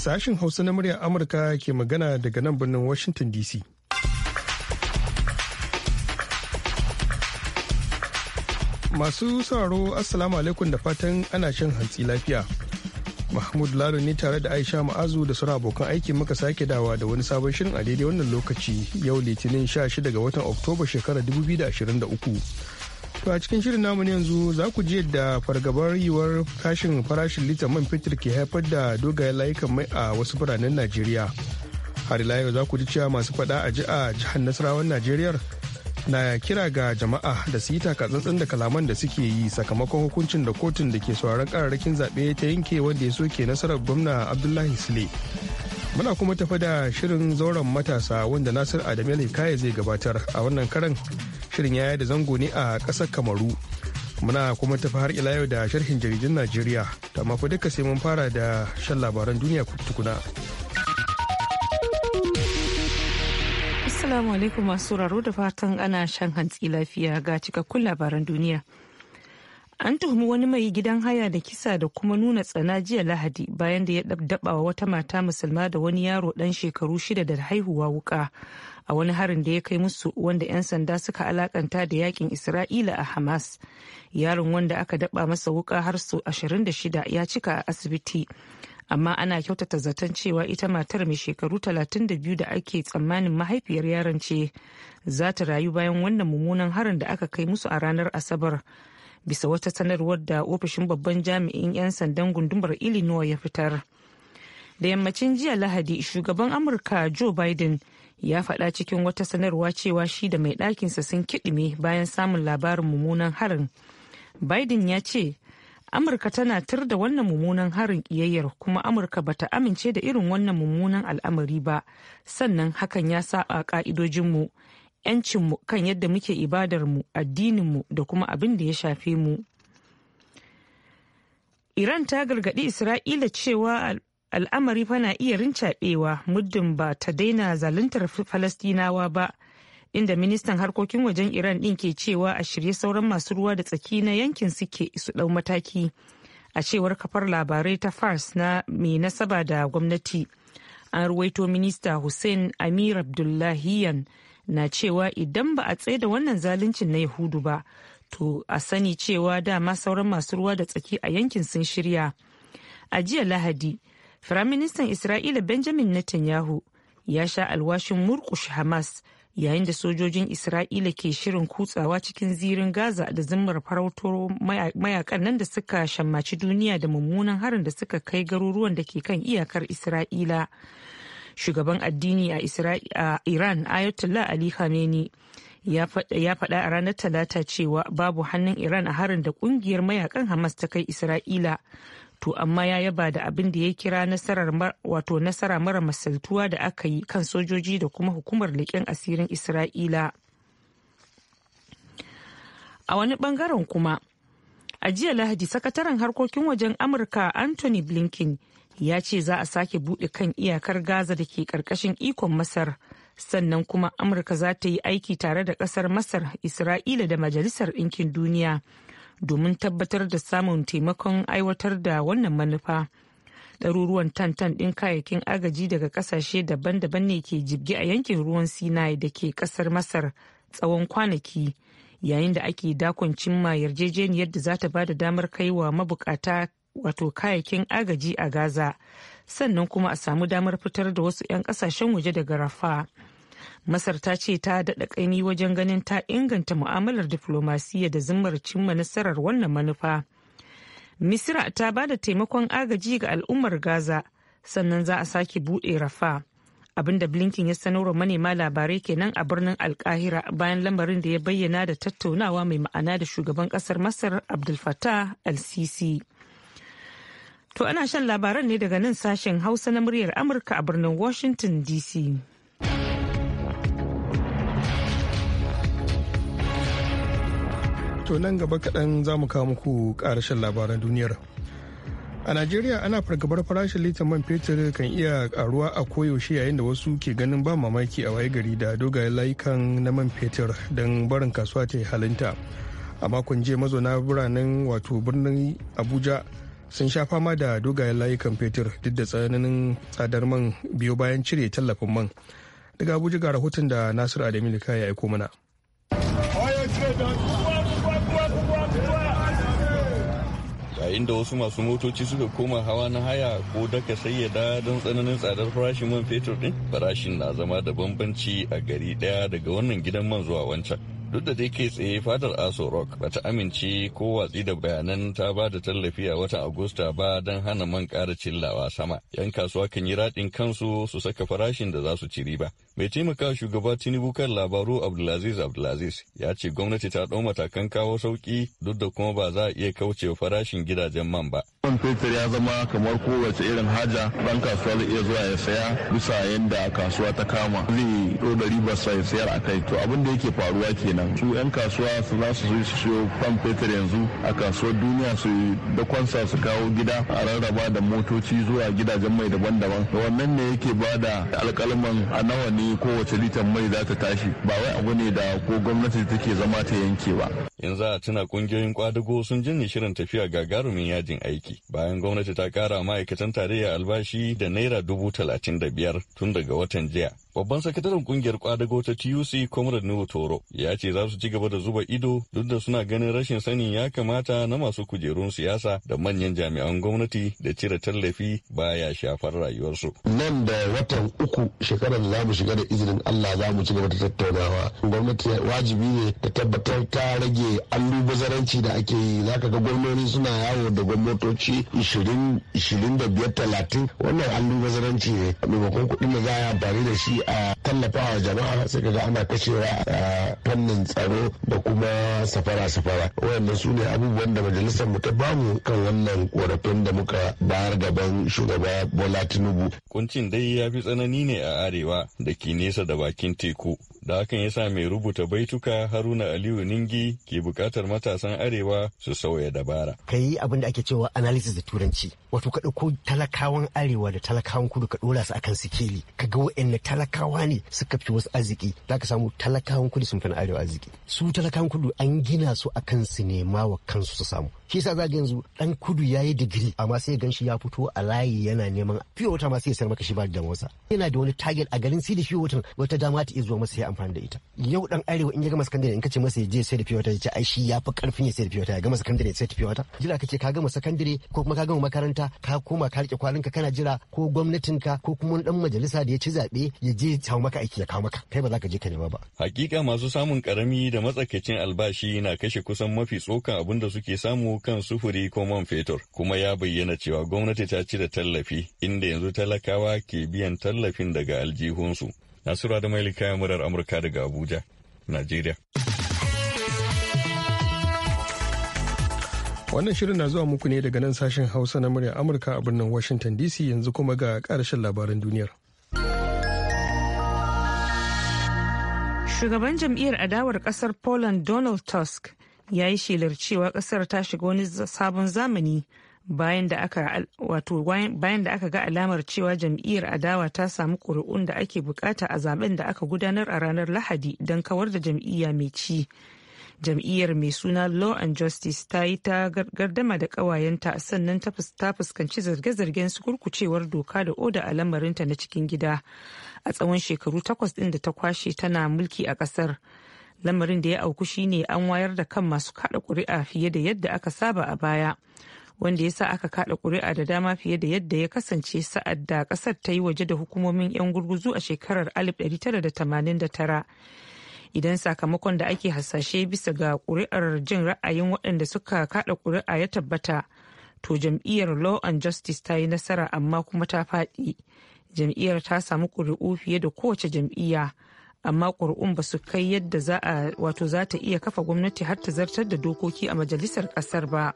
sashen Hausa na muryar Amurka ke magana daga nan birnin Washington DC. Masu sauraro Assalamu alaikum da fatan ana shan hantsi lafiya. Mahmud Lalo ne tare da Aisha Ma'azu da suna abokan aiki muka sake dawa da wani sabon shirin a daidai wannan lokaci yau Litinin 16 ga watan Oktoba shekarar 2023. To a cikin shirin namu yanzu za ku ji yadda fargabar yiwuwar kashin farashin lita man fetur ke haifar da dogayen layukan mai a wasu biranen Najeriya. Har ila yau za ku ji cewa masu faɗa a ji a jihar Nasarawan Najeriya na kira ga jama'a da su yi takatsantsan da kalaman da suke yi sakamakon hukuncin da kotun da ke sauraron kararrakin zaɓe ta yanke wanda ya soke nasarar gwamna abdullahi sule muna kuma tafi da shirin zauren matasa wanda nasir adamu kaya zai gabatar a wannan karan shirin ya da zango ne a kasar kamaru muna kuma tafi har ila yau da sharhin jaridun najeriya ta mafi duka sai mun fara da shan labaran duniya tukuna assalamu alaikum masu sauraro da fatan ana shan hantsi lafiya ga cikakkun labaran duniya an tuhumi wani mai gidan haya da kisa da kuma nuna tsana jiya lahadi bayan da ya dabdaba wata mata musulma da wani yaro dan shekaru shida da haihuwa wuka a wani harin da ya kai musu wanda 'yan sanda suka alakanta da yakin isra'ila a hamas yaron wanda aka daba masa wuka har su 26 ya cika a asibiti amma ana kyautata zaton cewa ita matar mai shekaru 32 da ake tsammanin mahaifiyar yaron ce za ta rayu bayan wannan mummunan harin da aka kai musu a ranar asabar bisa wata sanarwar da ofishin babban jami'in 'yan sandan gundumar illinois ya fitar da yammacin jiya lahadi shugaban amurka joe biden ya faɗa cikin wata sanarwa cewa shi da mai ɗakinsa sun kiɗime bayan samun labarin mummunan harin biden ya ce amurka tana tur da wannan mummunan harin ƙiyayyar kuma amurka bata amince da irin wannan mummunan al'amari ba sannan hakan ya saba ƙa'idojinmu yancinmu kan yadda muke ibadarmu addininmu da kuma abin da ya shafe mu iran ta gargaɗi isra'ila cewa al'amari fa na iya rincaɓewa muddin ba ta daina zaluntar falastinawa ba inda ministan harkokin wajen iran din ke cewa a shirye sauran masu ruwa da tsaki na yankin suke su ɗau mataki a cewar kafar labarai ta fars na mai nasaba da gwamnati an ruwaito minista hussein amir abdullahiyan na cewa idan ba a da wannan zaluncin na yahudu ba to a sani cewa dama sauran masu ruwa da tsaki a yankin sun shirya a jiya lahadi Firaministan Isra'ila Benjamin Netanyahu ya sha alwashin murkush Hamas yayin da sojojin Isra'ila ke shirin kutsawa cikin zirin Gaza da zimmar farautar mayakan nan da suka shammaci duniya da mummunan harin da suka kai garuruwan da ke kan iyakar Isra'ila. Shugaban addini a Iran Ayatollah Ali Khamenei ya faɗa a ranar talata cewa babu hannun iran a harin da kungiyar mayakan hamas ta kai isra'ila to amma ya yaba da abin da ya kira nasarar wato nasara mara masaltuwa da aka yi kan sojoji da kuma hukumar liƙen asirin isra'ila a wani bangaren kuma a jiya lahadi sakataren harkokin wajen amurka anthony blinken ya ce za a sake buɗe kan iyakar gaza da ke ƙarƙashin ikon masar sannan kuma amurka za ta yi aiki tare da ƙasar masar isra'ila da majalisar ɗinkin duniya domin tabbatar da samun taimakon aiwatar da wannan manufa. ɗaruruwan tantan ɗin kayayyakin agaji daga ƙasashe daban-daban ne ke jibge a yankin ruwan sinai da ke ƙasar masar tsawon kwanaki yayin da ake dakon cimma yarjejeniyar da za ta ba da damar kai wa mabukata wato kayayyakin agaji a gaza sannan kuma a samu damar fitar da wasu 'yan ƙasashen waje daga rafa. Masar ta ce ta daɗa ƙaini wajen ganin ta inganta mu'amalar diflomasiyya da zimmar cimma nasarar wannan manufa. Misira ta ba da taimakon agaji ga al'ummar Gaza sannan za a sake buɗe rafa. abinda blinken ya sanarwa manema labarai kenan a birnin alkahira bayan lamarin da ya bayyana da tattaunawa mai ma'ana da shugaban ƙasar masar abdul fattah al-sisi to ana shan labaran ne daga nan sashen hausa na muryar amurka a birnin washington dc to nan gaba kaɗan za mu kawo muku ƙarashin labaran duniyar a najeriya ana fargabar farashin litan man fetur kan iya ƙaruwa a koyaushe yayin da wasu ke ganin ba mamaki a waye gari da dogayen layukan na man fetur don barin kasuwa ta halinta a makon jiya mazauna biranen wato birnin abuja sun sha fama da dogayen layukan fetur duk da tsananin tsadar man biyo bayan cire tallafin man daga abuja ga rahoton da nasiru adamu ya aiko mana yayin da wasu masu motoci suka koma hawa na haya ko daka sayyada don tsananin tsadar farashin man fetur din farashin na zama da bambanci a gari daya daga wannan gidan man zuwa wancan duk da dai kai tsaye fadar aso rock bata amince ko watsi da bayanan ta ba da tallafi a watan agusta ba don hana man kara cillawa sama yan kasuwa kan yi raɗin kansu su saka farashin da za su ciri ba Mai taimaka shugaba Tinubu kan labaru Abdulaziz Abdulaziz ya ce gwamnati ta ɗau matakan kawo sauki duk da kuma ba za a iya kauce farashin gidajen man ba. Man fetur ya zama kamar kowace irin haja ɗan kasuwa zai iya zuwa ya saya bisa yadda kasuwa ta kama zai ba ribarsa ya sayar a kai. To abin da yake faruwa kenan su 'yan kasuwa su za su zo su siyo man fetur yanzu a kasuwar duniya su dakwansa su kawo gida a rarraba da motoci zuwa gidajen mai daban-daban. Wannan ne yake ba da alƙalman a nawa ne kowace litan mai za ta tashi ba wai abu ne da ko gwamnati take zama ta yanke ba. Yanzu a tuna kungiyoyin kwadago sun jinni shirin tafiya gagarumin yajin aiki bayan gwamnati ta kara ma'aikatan tarayya albashi da naira dubu talatin da biyar tun daga watan jiya Babban sakataren kungiyar kwadago ta TUC Comrade Nuhu Toro ya ce za su ci gaba da zuba ido duk da suna ganin rashin sanin ya kamata na masu kujerun siyasa da manyan jami'an gwamnati da cire tallafi baya shafar rayuwarsu. Nan da watan uku shekarar za mu shiga da izinin Allah za mu ci gaba da tattaunawa. Gwamnati wajibi ne ta tabbatar ta rage allubazaranci da ake yi za ka ga gwamnoni suna yawo da gwamnatoci ishirin da biyar talatin wannan allubazaranci ne. Maimakon kuɗin da za a yi da shi a a tallafawa jama'a sai ga ana kashewa a fannin tsaro da kuma safara-safara wayannan su ne abubuwan da majalisar mu ta bamu kan wannan korafin da muka bayar gaban shugaba bola tinubu kuncin dai ya fi tsanani ne a arewa da ke nesa da bakin teku da hakan ya sa mai rubuta baituka haruna aliyu ningi ke bukatar matasan arewa su sauya dabara ka yi abin da ake cewa analysis da turanci wato ka ɗauko talakawan arewa da talakawan kudu ka ɗora su akan sikeli ka ga wa'anne talakawa ne suka fi wasu arziki za ka samu talakawan kudu sun fi na arewa arziki su talakawan kudu an gina su akan su nema wa kansu su samu shi yasa za yanzu dan kudu ya yi digiri amma sai gan shi ya fito a layi yana neman fiye wata ma sai ya maka shi ba da damuwarsa yana da wani target a garin sai da fiye wata wata dama ta iya zuwa masa ya amfani da ita yau dan arewa in ya gama sakandare in kace masa ya je sai da fiyota ya ce ai shi yafi karfin ya sai da fiyota ya gama sakandare sai da fiyota jira kace ka gama sakandare ko kuma ka gama makaranta ka koma ka rike ka kana jira ko gwamnatin ka ko kuma dan majalisa da ya ci zabe ya je ya maka aiki ya kawo maka kai ba za ka je ka nema ba hakika masu samun karami da matsakaicin albashi na kashe kusan mafi tsokan abin da suke samu kan sufuri ko man fetur kuma ya bayyana cewa gwamnati ta ci da tallafi inda yanzu talakawa ke biyan tallafin daga aljihunsu Nasura da Maili kayan murar Amurka daga Abuja, Najeriya. Wannan shirin na zuwa muku ne daga nan sashen Hausa na murya Amurka a birnin Washington DC yanzu kuma ga ƙarshen labaran duniyar. Shugaban jam'iyyar adawar ƙasar Poland Donald Tusk ya yi shelar cewa ƙasar ta shiga wani sabon zamani bayan da aka wato bayan da aka ga alamar cewa jam'iyyar adawa ta samu ƙuri'un da ake bukata a zaben da aka gudanar a ranar lahadi don kawar da jam'iyya mai ci jam'iyyar mai suna law and justice ta yi ta gardama da ƙawayenta sannan ta fuskanci zarge-zargen sukurkucewar doka da oda a lamarinta na cikin gida a tsawon shekaru takwas ɗin da ta kwashe tana mulki a ƙasar lamarin da ya auku shine an wayar da kan masu kaɗa ƙuri'a fiye da yadda aka saba a baya wanda ya sa aka kada kuri'a da dama fiye da yadda ya kasance sa'ad da kasar ta yi waje da hukumomin 'yan gurguzu a shekarar 1989 idan sakamakon da ake hasashe bisa ga kuri'ar jin ra'ayin waɗanda suka kada kuri'a ya tabbata to jam'iyyar law and justice ta yi nasara amma kuma ta faɗi jam'iyyar ta samu kuri'u fiye da kowace jam'iyya amma ƙuri'un ba su kai yadda za a wato za ta iya kafa gwamnati har ta zartar da dokoki a majalisar ƙasar ba.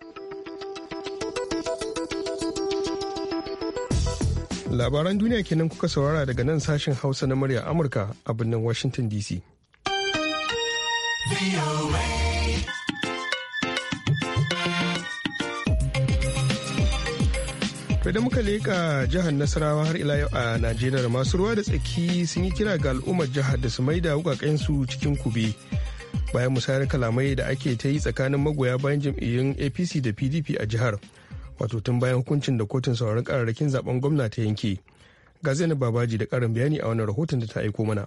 labaran duniya kenan kuka saurara daga nan sashen hausa na murya amurka a birnin washington dc da muka leƙa jihar nasarawa har ila yau a najeriya masu ruwa da tsaki sun yi kira ga al'ummar jihar da su maida wukakensu cikin kube bayan musayar kalamai da ake ta yi tsakanin magoya bayan jam'iyyun apc da pdp a jihar wato tun bayan hukuncin da kotun sauraron kararrakin zaben gwamna ta yanke ga zainab babaji da karin bayani a wannan rahoton da ta aiko mana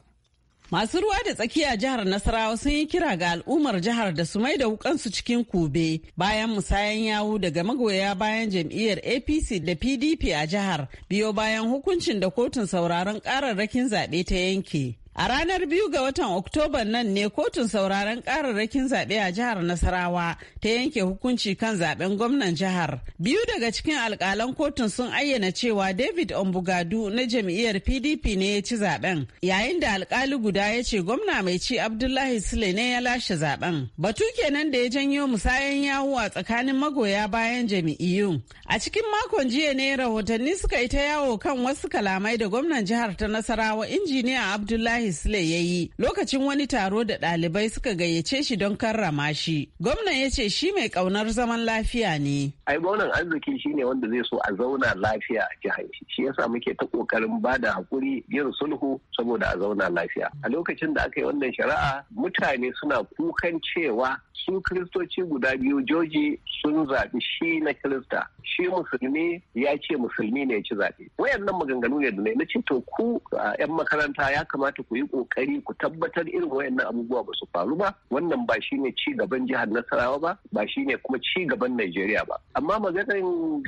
Masu ruwa da tsakiya jihar Nasarawa sun yi kira ga al'ummar jihar da su mai da wukansu cikin kube bayan musayan yawu daga magoya bayan jam'iyyar APC da PDP a jihar biyo bayan hukuncin da kotun sauraron kararrakin zaɓe ta yanke. A ranar biyu ga watan Oktoba nan ne kotun sauraron kararrakin zaɓe a jihar Nasarawa ta yanke hukunci kan zaɓen gwamnan jihar. Biyu daga cikin alƙalan kotun sun ayyana cewa David Ombugadu na jam'iyyar PDP ne ya ci zaɓen, yayin da alƙali guda ya ce gwamna mai ci Abdullahi Sule ne ya lashe zaɓen. Batu kenan da ya janyo musayan yawo a tsakanin magoya bayan jam'iyyun. A cikin makon jiya ne rahotanni suka yi ta yawo kan wasu kalamai da gwamnan jihar ta Nasarawa injiniya Abdullahi Sule ya yi lokacin wani taro da ɗalibai suka gayyace shi don karrama shi. Gwamnan ya ce shi mai ƙaunar zaman lafiya ne. Ai gwamnan arziki shi ne wanda zai so a zauna lafiya a jihar shi. Shi yasa muke ta ƙoƙarin ba da haƙuri yin sulhu saboda a zauna lafiya. A lokacin da aka yi wannan shari'a mutane suna kukan cewa su kiristoci guda biyu joji sun zaɓi shi na kirista shi musulmi ya ce musulmi ne ya ci zaɓe wayannan maganganu ne da na ce to ku 'yan makaranta ya kamata ku yi kokari ku tabbatar irin wayannan abubuwa ba su faru ba wannan ba shine ci gaban jihar Nasarawa ba ba shine kuma ci gaban Najeriya ba amma maganar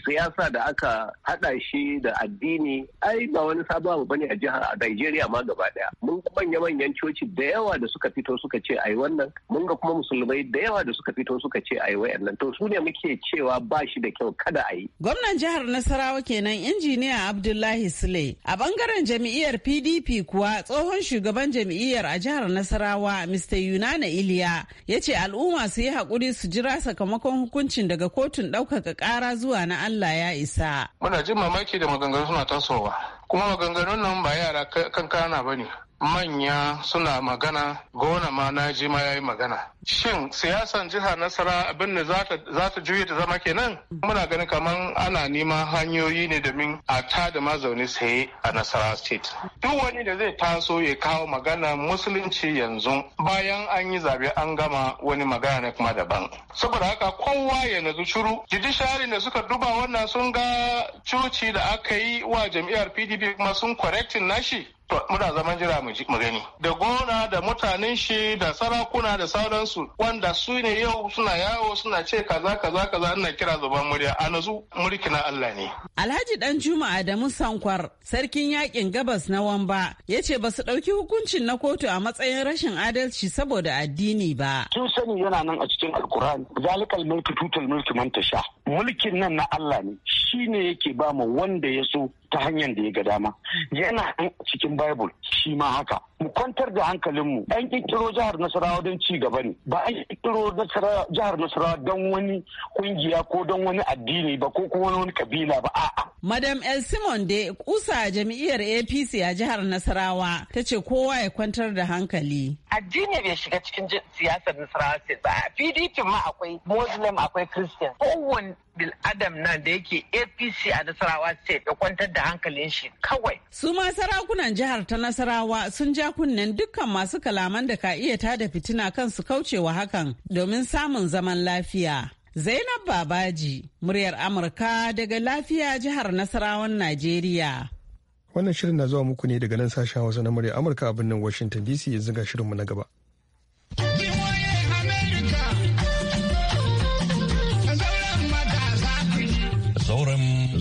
siyasa da aka hada shi da addini ai ba wani sabon abu bane a jihar a Najeriya ma gaba daya mun ga manya-manyan coci da yawa da suka fito suka ce ai wannan mun ga kuma musulmai da yawa da suka fito suka ce ai wayannan to su ne muke cewa ba shi da kyau kada a yi gwamnan jihar Nasarawa kenan injiniya Abdullahi Sule a bangaren jami'iyar PDP kuwa tsohon shi shugaban jam'iyyar a jihar Nasarawa, Mr. Yunana Iliya, ya ce al'umma su yi haƙuri su jira sakamakon hukuncin daga kotun ɗaukaka ƙara zuwa na Allah ya isa. Muna jin mamaki da maganganu suna tasowa, kuma maganganun nan ba yara kankana ba ne. manya suna magana gona ma na ji ma yayi magana shin siyasan jiha nasara abin da za ta juye ta zama kenan muna ganin kamar ana neman hanyoyi ne domin a ta da mazauni saye a nasara state duk wani da zai taso ya kawo magana musulunci yanzu bayan an yi zabe an gama wani magana ne kuma daban saboda haka kowa ya nazu shiru judiciary da suka duba wannan sun ga coci da aka yi wa jam'iyyar pdp kuma sun correcting nashi muna zaman jira mu gani da gona da mutanen shi da sarakuna da sauransu wanda su ne yau suna yawo suna ce kaza kaza kaza ina kira zuban murya a nazu mulki na Allah ne Alhaji dan Juma da musankwar sarkin yakin gabas na Wamba yace ba su dauki hukuncin na kotu a matsayin rashin adalci saboda addini ba Kin sani yana nan a cikin Alkur'ani zalikal mulki tutul mulki man tasha mulkin nan na Allah ne shi ne yake ba mu wanda ya so ta hanyar da ya ga dama yana cikin bible shi ma haka mu kwantar da hankalinmu an kirkiro jihar nasarawa don ci gaba ne ba an kirkiro jihar nasarawa don wani kungiya ko don wani addini ba ko kuma wani kabila ba a'a madam el simon de kusa jam'iyyar apc a jihar nasarawa ta ce kowa ya kwantar da hankali addini bai shiga cikin siyasar nasarawa state ba pdp ma akwai muslim akwai christian kowane bil adam nan da yake apc a nasarawa sai ya kwantar da hankalin shi kawai su ma sarakunan jihar ta nasarawa sun ja ja kunnen dukkan masu kalaman da ka iya tada fitina kan su kaucewa hakan domin samun zaman lafiya. Zainab Babaji, muryar Amurka daga lafiya jihar Nasarawan Najeriya. Wannan shirin na zuwa muku ne daga nan sashen Hausa na muryar Amurka a birnin Washington DC yanzu ga shirinmu na gaba.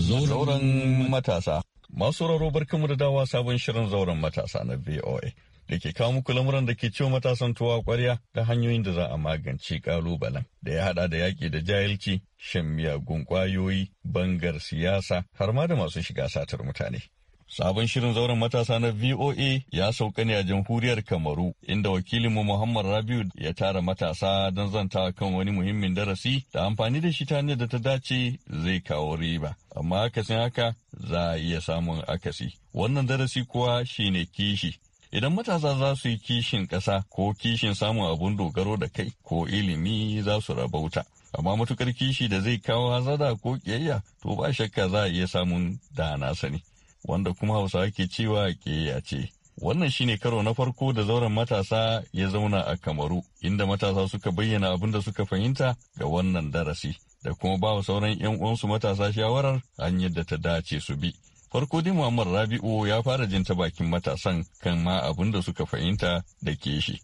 Zauren matasa. Masu sauraro barkanmu da dawa sabon shirin zauren matasa na VOA da ke kawo muku lamuran da ke ciwo matasan tuwa kwarya da hanyoyin da za a magance kalubalen da ya hada da yaƙi da jahilci, shan miyagun kwayoyi bangar siyasa har ma da masu shiga satar mutane. Sabon shirin zauren matasa na VOA ya sauka ne a jamhuriyar Kamaru, inda wakilinmu Muhammad Rabiu ya tara matasa don zanta kan wani muhimmin darasi da amfani da shi ta da ta dace zai kawo riba. Amma akasin haka za a iya samun akasi. Wannan darasi kuwa shine kishi. Idan matasa za su yi kishin ƙasa ko kishin samun abun dogaro da kai ko ilimi za su rabauta. Amma matukar kishi da zai kawo hazada ko ƙiyayya to ba shakka za a iya samun da na sani. wanda kuma hausawa ke cewa ya ce. Wannan shine karo na farko da zauren matasa ya zauna a Kamaru, inda matasa suka bayyana abin da suka fahimta ga wannan darasi, da kuma ba sauran 'yan uwansu matasa shawarar hanyar da ta dace su bi. Farko dai Muhammad Rabi'u ya fara jin ta bakin matasan kan ma abin da suka fahimta da ke shi.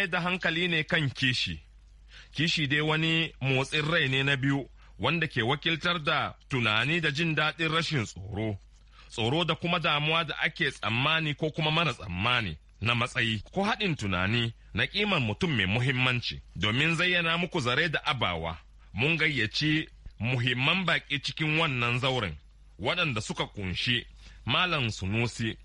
mai da hankali ne kan kishi. Kishi dai wani motsin rai ne na biyu wanda ke wakiltar da tunani da jin daɗin rashin tsoro. Tsoro da kuma damuwa da ake tsammani ko kuma mara tsammani na matsayi ko haɗin tunani na ƙiman mutum mai muhimmanci domin zayyana muku zare da abawa. Mun gayyaci muhimman baƙi cikin wannan zauren waɗanda suka kunshi Malam Sunusi,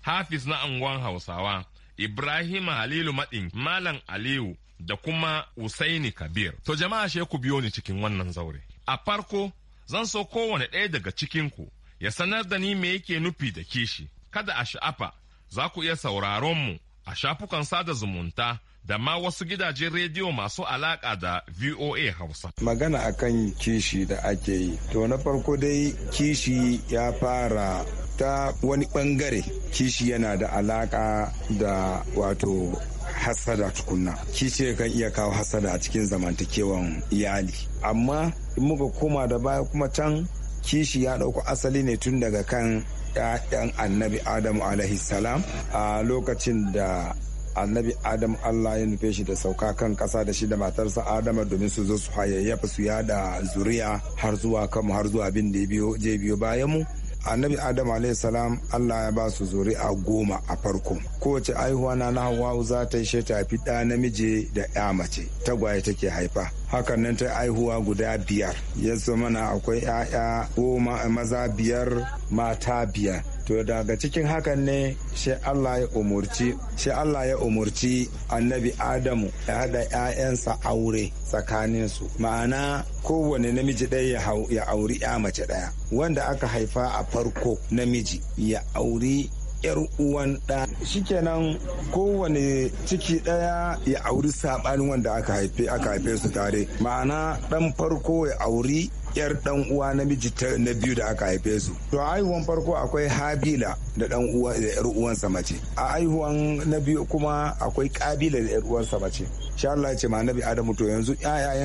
Hafiz na anguwan Hausawa, Ibrahim Halilu Madin, Malam Aliyu da kuma Usaini Kabir. To jama'a she ku biyo ni cikin wannan zaure. A farko zan so kowane ɗaya daga cikinku ya sanar da ni me yake nufi da kishi. Kada a sha'afa za ku iya sauraron mu a shafukan sada zumunta da ma wasu gidajen rediyo masu alaƙa da VOA Hausa. Magana akan kishi da ake yi. To na farko dai kishi ya fara ta wani ɓangare. kishi yana da alaƙa da wato hasada tukunna kishi kan iya kawo hasada a cikin zamantakewan iyali amma in muka koma da baya kuma can kishi ya ɗauko asali ne tun daga kan 'ya'yan annabi adamu salam a lokacin da annabi adam allah ya nufe shi da sauka kan kasa da shi da matarsa adama domin su zo su hayayyafa su yada zuriya har zuwa kanmu har zuwa abin da ya biyo bayan mu annabi adam salam allah ya ba su zuri'a goma a farko kowace aihuwa na na hawa za ta yi tafi ɗa namiji da ya mace tagwaye take haifa hakan nan ta aihuwa guda biyar yanzu mana akwai 'ya'ya goma maza biyar mata biyar to daga cikin hakan ne sai Allah ya umurci sai Allah ya umurci annabi Adamu ya hada ƴaƴansa aure tsakanin su ma'ana kowane namiji ɗaya ya auri ya mace ɗaya wanda aka haifa a farko namiji ya auri yar uwan da shikenan kowane ciki daya ya auri sabanin wanda aka haife aka haife su tare ma'ana dan farko ya auri yar dan uwa namiji na biyu da aka haife su to a haihuwan farko akwai habila da dan uwa da yar sa mace a haihuwan na biyu kuma akwai kabila da yar sa mace sha Allah ya ce ma nabi Adamu to yanzu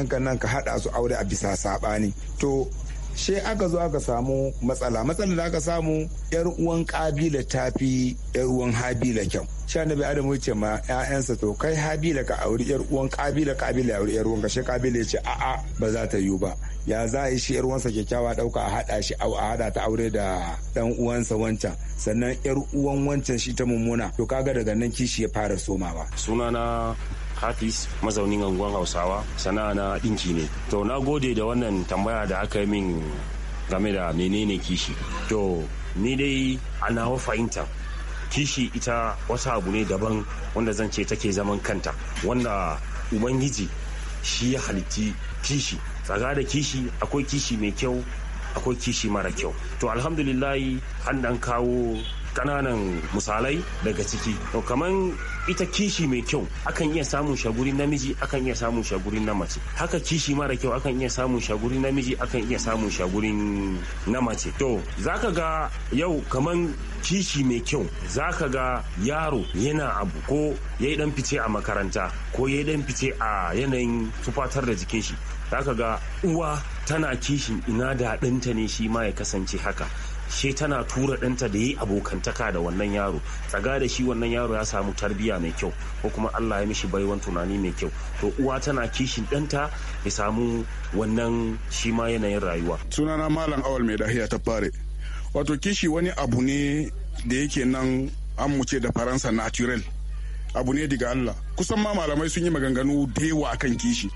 kan nan ka hada su aure a bisa sabani to she aka zo aka samu matsala matsala da aka samu yar uwan kabila ta yar uwan habila kyau shi annabi adamu ce ma ƴaƴansa to kai habila ka auri yar uwan kabila kabila ya auri yar uwan ka she kabila ya ce a'a ba za ta yiwu ba ya za a yi shi yar uwansa kyakkyawa dauka a hada shi a hada ta aure da dan uwansa wancan sannan yar uwan wancan shi ta mummuna to kaga daga nan kishi ya fara somawa sunana hafiz mazaunin anguwan hausawa sana'a na ɗinki ne to na gode da wannan tambaya da aka yi min game da menene kishi to ni dai a nawa fahimta kishi ita wata abu ne daban wanda zan ce take zaman kanta wanda ubangiji shi ya halitti kishi tsaga da kishi akwai kishi mai kyau akwai kishi mara kyau to alhamdulillahi an dan kawo kananan misalai daga ciki to kaman ita kishi mai kyau akan iya samun shaguri namiji akan iya samun shaguri na mace haka kishi mara kyau akan iya samun shaguri namiji akan iya samun shaguri na mace to zaka ga yau kaman kishi mai kyau zaka ga yaro yana abu ko yayi dan fice a makaranta ko yayi dan fice a yanayin tufatar da jikin shi zaka ga uwa tana kishin ina da ɗanta ne shi ma ya kasance haka shi tana tura ɗanta da yi abokantaka da wannan yaro tsaga da shi wannan yaro ya samu tarbiya mai kyau ko kuma allah ya mishi baiwan tunani mai kyau to uwa tana kishin ɗanta ya samu wannan shi ma yanayin rayuwa sunana malam awal mai dahiya ta fare wato kishi wani abu ne da yake nan an mu da faransa natural abu ne daga allah kusan ma malamai sun yi maganganu da yawa akan kishi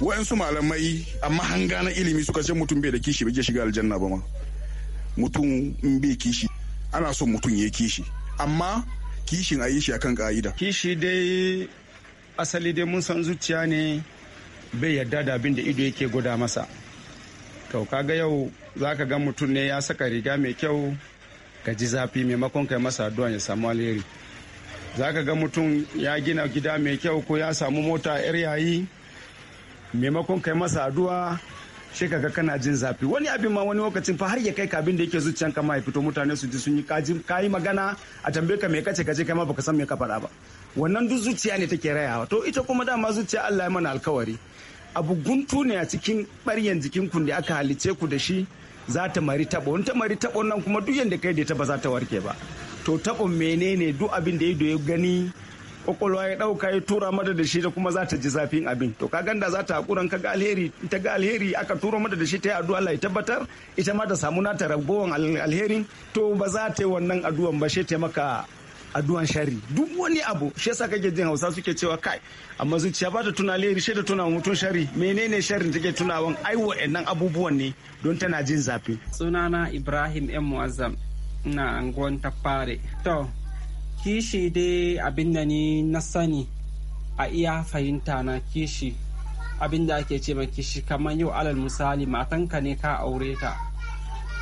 waɗansu malamai amma hanga na ilimi suka ce mutum bai da kishi bai shiga aljanna ba ma mutum in bai kishi ana so mutum ya kishi amma kishin a yi shi akan ka'ida kishi dai asali dai mun san zuciya ne bai yarda da abin da ido yake guda masa to kaga yau za ka ga mutum ne ya saka riga mai kyau ka ji zafi maimakon kai masa addu'a ya samu alheri za ka ga mutum ya gina gida mai kyau ko ya samu mota yar yayi maimakon kai masa addu'a sai kaga kana jin zafi wani abin ma wani lokacin fa har ya kai ka abin da yake zuciyan ka ma ya fito mutane su ji sun yi kaji kayi magana a tambaye ka me kace kace kai ma baka san me ka faɗa ba wannan duk zuciya ne take rayawa to ita kuma dama zuciya Allah ya mana alkawari abu guntu ne a cikin ɓaryan jikin ku da aka halice ku da shi za ta mari tabo wani ta mari tabon nan kuma duk yanda kai da ta ba za ta warke ba to tabon menene duk abin da ya gani kwakwalwa ya ɗauka ya tura mata da shi da kuma za ta ji zafin abin to ka ganda za ta hakuran ka ga alheri ita ga alheri aka tura mata da shi ta yi addu'a Allah ya tabbatar ita ma ta samu nata rabuwan alherin to ba za ta yi wannan addu'an ba shi ta maka addu'an shari duk wani abu shi yasa kake jin Hausa suke cewa kai amma zuciya ba ta tuna alheri shi ta tuna mutum shari menene sharrin take tunawan ai wa'annan abubuwan ne don tana jin zafi sunana Ibrahim M Muazzam ina anguwan fare to kishi dai abin da ni na sani a iya fahimta na kishi abin da ake ce ma kishi kamar yau alal misali matanka ne ka aure ta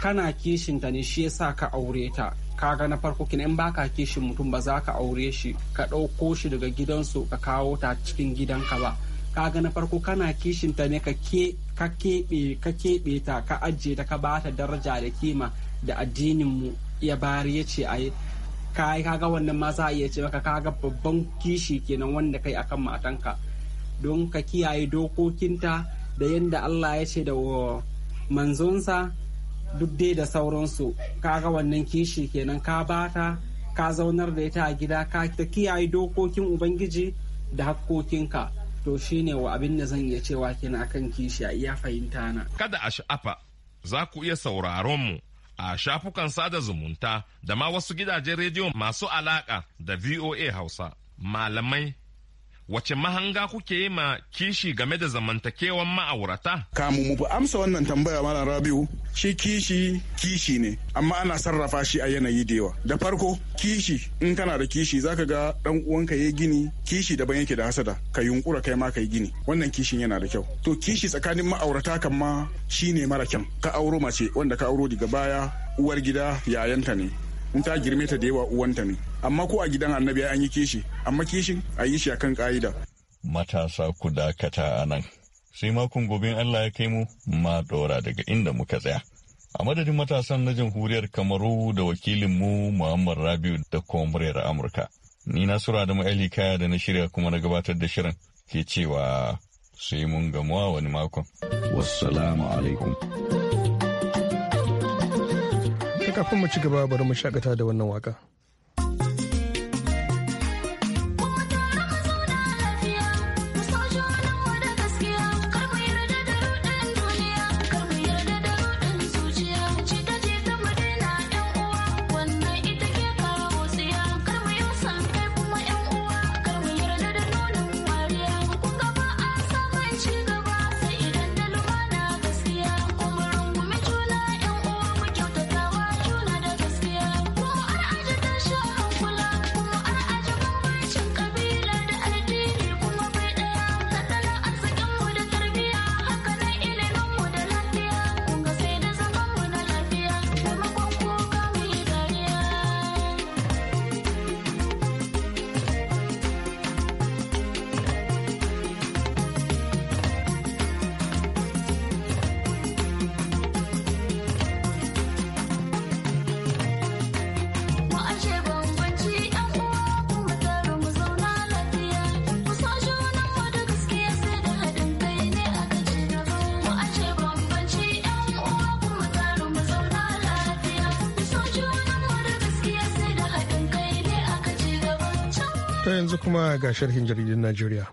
kana kishin ta ne shi yasa ka aure ta kaga na farko kina in baka kishin mutum ba za ka aure shi ka ɗauko shi daga gidansu ka kawo ta cikin gidanka ba kaga na farko kana ta ne ka keɓe ta ka ajiye ta ka bata daraja da kima da addinin mu ya bari ya ce a yi kai kaga wannan ma za a iya ce maka kaga babban kishi kenan wanda kai akan matanka don ka kiyaye dokokinta da yadda Allah ya ce da manzonsa duk dai da sauransu kaga wannan kishi kenan ka bata ka zaunar da ita a gida ka kiyaye dokokin ubangiji da hakkokinka to shine wa abin da zan iya cewa kenan akan kishi a iya fahimta na kada a sha'afa za ku iya sauraron mu a shafukan sada zumunta da ma wasu gidajen rediyo masu alaka da VOA Hausa. Malamai wace mahanga kuke yi ma kishi game da zamantakewan ma'aurata? Kamu mu amsa wannan tambaya malam Rabiu shi kishi kishi ne amma ana sarrafa shi a yanayi da yawa. Da farko kishi in kana da kishi zaka ga dan uwanka yayi gini kishi daban yake da hasada ka yunkura kai ma kai gini wannan kishin yana da kyau. To kishi tsakanin ma'aurata kan ma ne mara kyan ka auro mace wanda ka auro daga baya uwar gida yayanta ne in ta girme ta da yawa uwanta ne amma ko a gidan annabi an yi kishi amma kishin a yi shi a kan ka'ida matasa ku dakata a nan sai makon gobe Allah ya kai mu ma ɗora daga inda muka tsaya a madadin matasan na jamhuriyar kamaru da wakilin mu muhammad rabiu da kwamuriyar amurka ni na sura da ma'ali kaya da na shirya kuma na gabatar da shirin ke cewa sai mun gamuwa wani makon wassalamu alaikum kafin mu ci gaba bari mu shakata da wannan waka To yanzu kuma ga sharhin jaridun Najeriya.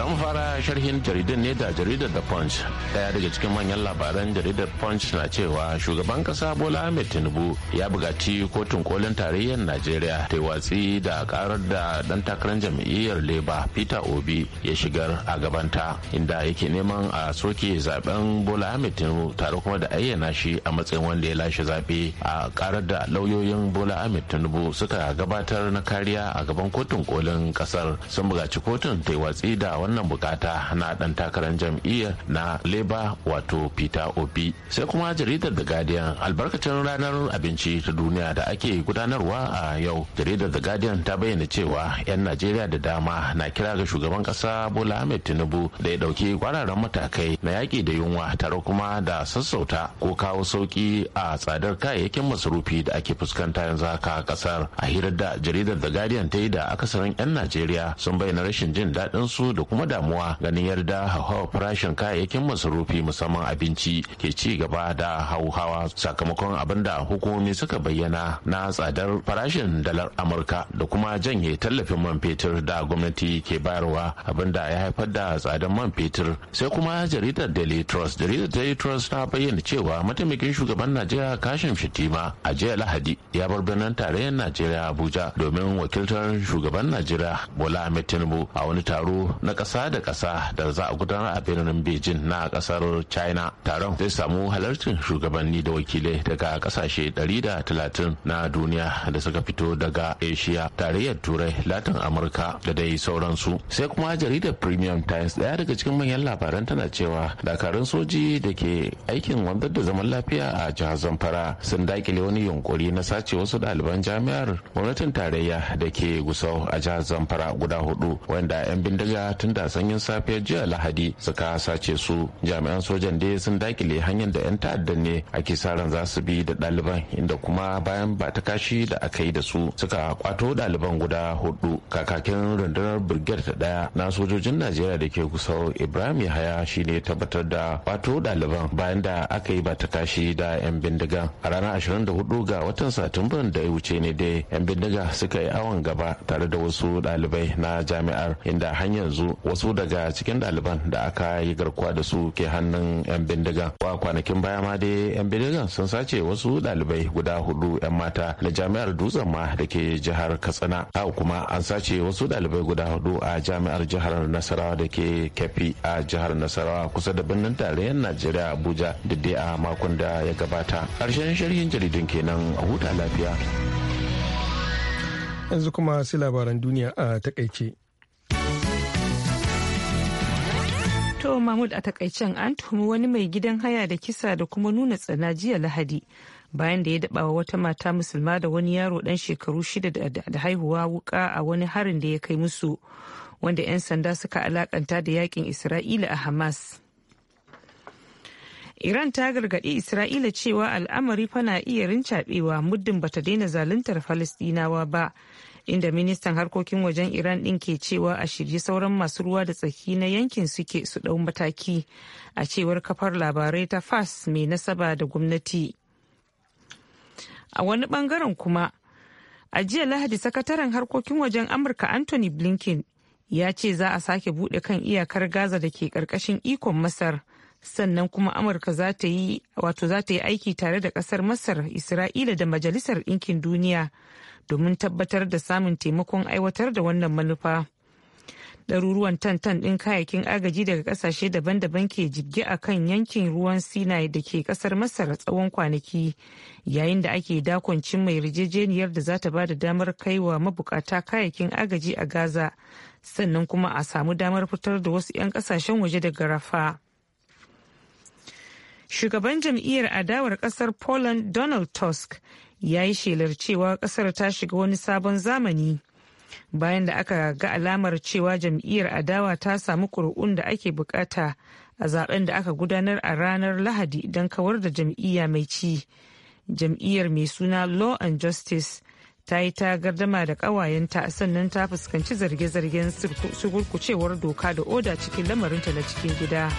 za mu fara sharhin jaridar ne da jaridar da punch daya daga cikin manyan labaran jaridar punch na cewa shugaban kasa bola ahmed tinubu ya bugaci kotun kolin tarayyar najeriya ta watsi da karar da dan takarar jam'iyyar leba peter obi ya shigar a gabanta inda yake neman a soke zaben bola ahmed tinubu tare kuma da ayyana shi a matsayin wanda ya lashe zaɓe a karar da lauyoyin bola ahmed tinubu suka gabatar na kariya a gaban kotun kolin kasar sun bugaci kotun ta watsi da wani wannan bukata na dan takarar jam'iyyar na labour wato peter obi sai kuma jaridar the guardian albarkacin ranar abinci ta duniya da ake gudanarwa a yau jaridar the guardian ta bayyana cewa 'yan najeriya da dama na kira ga shugaban kasa bola ahmed tinubu da ya dauki kwararren matakai na yaƙi da yunwa tare kuma da sassauta ko kawo sauki a tsadar kayayyakin masarufi da ake fuskanta yanzu haka a kasar a hirar da jaridar the guardian ta yi da akasarin 'yan najeriya sun bayyana rashin jin daɗin su da kuma damuwa ganin yarda hauhawar farashin kayayyakin masarufi musamman abinci ke ci gaba da hauhawa sakamakon abin da hukumomi suka bayyana na tsadar farashin dalar amurka da kuma janye tallafin man fetur da gwamnati ke bayarwa abin da ya haifar da tsadar man fetur sai kuma jaridar daily trust jaridar daily trust ta bayyana cewa mataimakin shugaban najeriya kashin fitima a jiya lahadi ya bar birnin tarayyar najeriya abuja domin wakiltar shugaban najeriya bola ahmed tinubu a wani taro na ƙasa da ƙasa da za a gudanar a birnin beijing na ƙasar china taron zai samu halarcin shugabanni da wakilai daga ƙasashe 130 na duniya da suka fito daga asia tarayyar turai latin amurka da dai sauransu sai kuma jaridar premium times daya daga cikin manyan labaran tana cewa dakarun soji da ke aikin wanzar da zaman lafiya a jihar zamfara sun dakile wani yunkuri na sace wasu ɗaliban jami'ar gwamnatin tarayya da ke gusau a jihar zamfara guda hudu wanda 'yan bindiga tun lokacin da sanyin safiyar jiya lahadi suka sace su jami'an sojan dai sun dakile hanyar da 'yan ta'adda ne ake sa ran za su bi da ɗaliban inda kuma bayan ba ta kashi da aka yi da su suka kwato ɗaliban guda hudu kakakin rundunar birgiyar ta ɗaya na sojojin najeriya da ke gusau ibrahim yahaya shine tabbatar da kwato ɗaliban bayan da aka yi ba ta kashi da 'yan bindiga a ranar hudu ga watan satumban da ya wuce ne dai 'yan bindiga suka yi awon gaba tare da wasu ɗalibai na jami'ar inda hanyar yanzu wasu daga cikin ɗaliban da aka yi garkuwa da su ke hannun 'yan bindiga wa kwanakin baya ma dai 'yan bindigan sun sace wasu ɗalibai guda hudu 'yan mata na jami'ar dutsen ma da ke jihar katsina haka kuma an sace wasu ɗalibai guda hudu a jami'ar jihar nasarawa da ke kefi a jihar nasarawa kusa da birnin tarayyar najeriya abuja da dai a makon da ya gabata ƙarshen shirin jaridun kenan a huta lafiya yanzu kuma sai labaran duniya a takaice To Mahmud a takaicen an tuhumi wani mai gidan haya da kisa da kuma nuna tsana jiya Lahadi bayan da ya daba wata mata musulma da wani yaro dan shekaru shida da haihuwa wuka a wani harin da ya kai musu wanda 'yan sanda suka alakanta da yakin Isra'ila a Hamas. Iran ta gargaɗi Isra'ila cewa al'amari fana iya rincaɓewa muddin bata daina zaluntar Falistinawa ba inda ministan harkokin wajen iran ɗin ke cewa a shirye sauran masu ruwa da tsaki na yankin suke su ɗau mataki a cewar kafar labarai ta fas mai nasaba da gwamnati a wani bangaren kuma a jiya lahadi sakataren harkokin wajen amurka anthony blinken ya ce za a sake buɗe kan iyakar gaza da ke ƙarƙashin ikon masar sannan kuma amurka wato za ta yi aiki tare da kasar masar isra'ila da majalisar ɗinkin duniya domin tabbatar da samun taimakon aiwatar da wannan manufa. ɗaruruwan tantan ɗin kayayyakin agaji daga ƙasashe daban-daban ke jirgi a kan yankin ruwan sinai da ke ƙasar masar tsawon kwanaki yayin da ake dakoncin mai yarjejeniyar da za ta ba da damar kaiwa mabukata kayayyakin agaji a gaza sannan kuma a samu damar fitar da wasu 'yan ƙasashen waje daga rafa shugaban jam'iyyar adawar ƙasar poland donald tusk ya yi shelar cewa kasar ta shiga wani sabon zamani bayan da aka ga alamar cewa jam'iyyar adawa ta samu ƙuri'un da ake bukata a zaben da aka gudanar a ranar lahadi don kawar da jam'iyya mai ci jam'iyyar mai suna law and justice ta yi ta gardama da ƙawayenta sannan ta fuskanci zarge-zargen sukurkucewar doka da oda cikin lamarinta na cikin gida.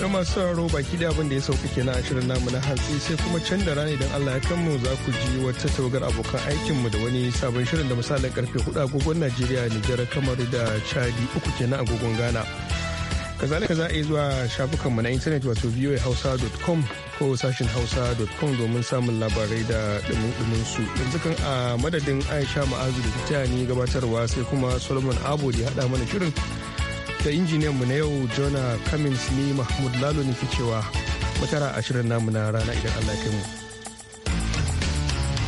da masu sauraro baki da abin da ya sauka kenan a shirin namu na hantsi sai kuma can da rana idan Allah ya kanmu za ku ji wata tawagar abokan aikinmu da wani sabon shirin da misalin karfe hudu agogon Najeriya Nijar kamar da Chadi uku kenan agogon Ghana. Kazalika za a yi zuwa shafukanmu na intanet wato voahausa.com ko sashin hausa.com domin samun labarai da dumin su yanzu kan a madadin Aisha Ma'azu da ta ni gabatarwa sai kuma Solomon abu da ya haɗa mana shirin da injiniyan mu na yau jona cummins ni mahmud lalo ne ke cewa mutara ashirin namu na rana idan allah ya kai mu